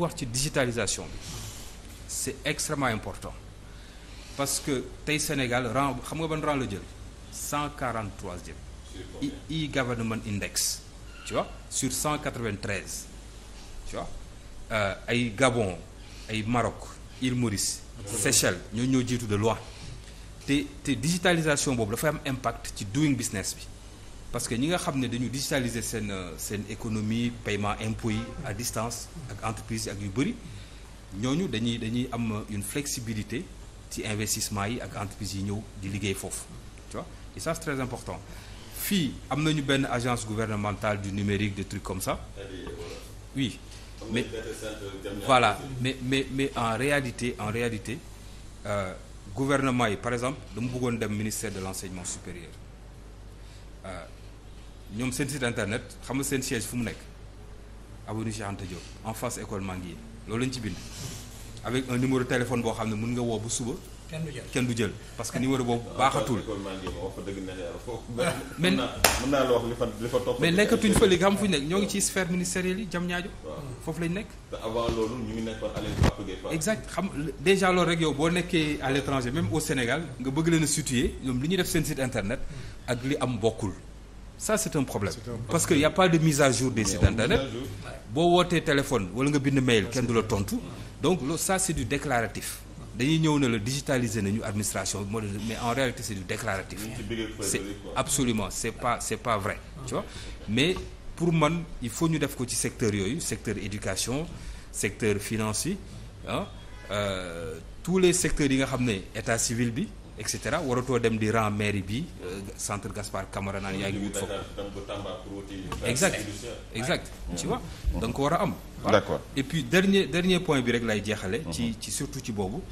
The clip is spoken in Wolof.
wax ci digitalisation bi c'est extrêmement important parce que tey Sénégal rang xam nga ban rang la jël cent quarante troisième e-government index tu vois sur cent quatre vingt euh, ay Gabon ay Maroc île Maurice Seychelles ñoo ñoo jiitu de loin te te digitalisation boobu dafay am impact ci doing business bi parce que ñi nga xam ne dañu digitaliser seen euh, seen économie paiement impôts yi à distance ak entreprise ak yu bëri ñooñu dañuy dañuy am euh, une flexibilité ci investissement yi ak entreprise yi ñëw di liggéey foofu tu vois et ça c'est très important fii am nañu benn agence gouvernementale du numérique des trucs comme ça oui mais voilà mais mais mais en réalité en réalité euh, gouvernement yi par exemple dama buggoon dem ministère de l'enseignement supérieur euh, ñoom seen sit internet xam nga seen siège fu mu nekk avenue Cheikh Anta Diop en face école Manguier loolu lañ ci bind avec un numéro téléphone boo xam ne mën nga woo bu suba. kenn du jël kenn du jël parce que numéro boobu ah, baaxatul. Ah, mais mën naa la wax li fa li fa topp. mais nekkatuñ fa léegi xam fu ñu nekk ñoo ngi ci sphère ministérielle yi jam ñaajo foofu lañ nekk. te avant ñu ngi nekkoon à l'étranger. exact xam déjà loolu rek yow boo nekkee à l'étranger même au Sénégal nga bëgg leen a ñoom li ñuy def seen site internet ak li am bokkul. ça c'est un problème parce que y a pas de mise à jour des sites internet boo wootee téléphone wala nga bind mail kenn du la tontu donc loolu ça c'est du déclaratif dañuy ñëw ne la digitaliser nañu administration bi mais en réalité c'est du déclaratif c'est absolument c'est pas vrai mais pour man il faut ñu def ko ci secteur yooyu secteur éducation secteur financier ah euh, tous les secteurs yi nga xam ne état civil bi et cetera waratoo dem di rang mairie bi euh, centre gaspar Camara naan yaa ngi wut foofu. exact exact ci wax da nga ko war a am. d'accord et puis dernier dernier point bi rek lay jeexale. ci ci surtout ci boobu.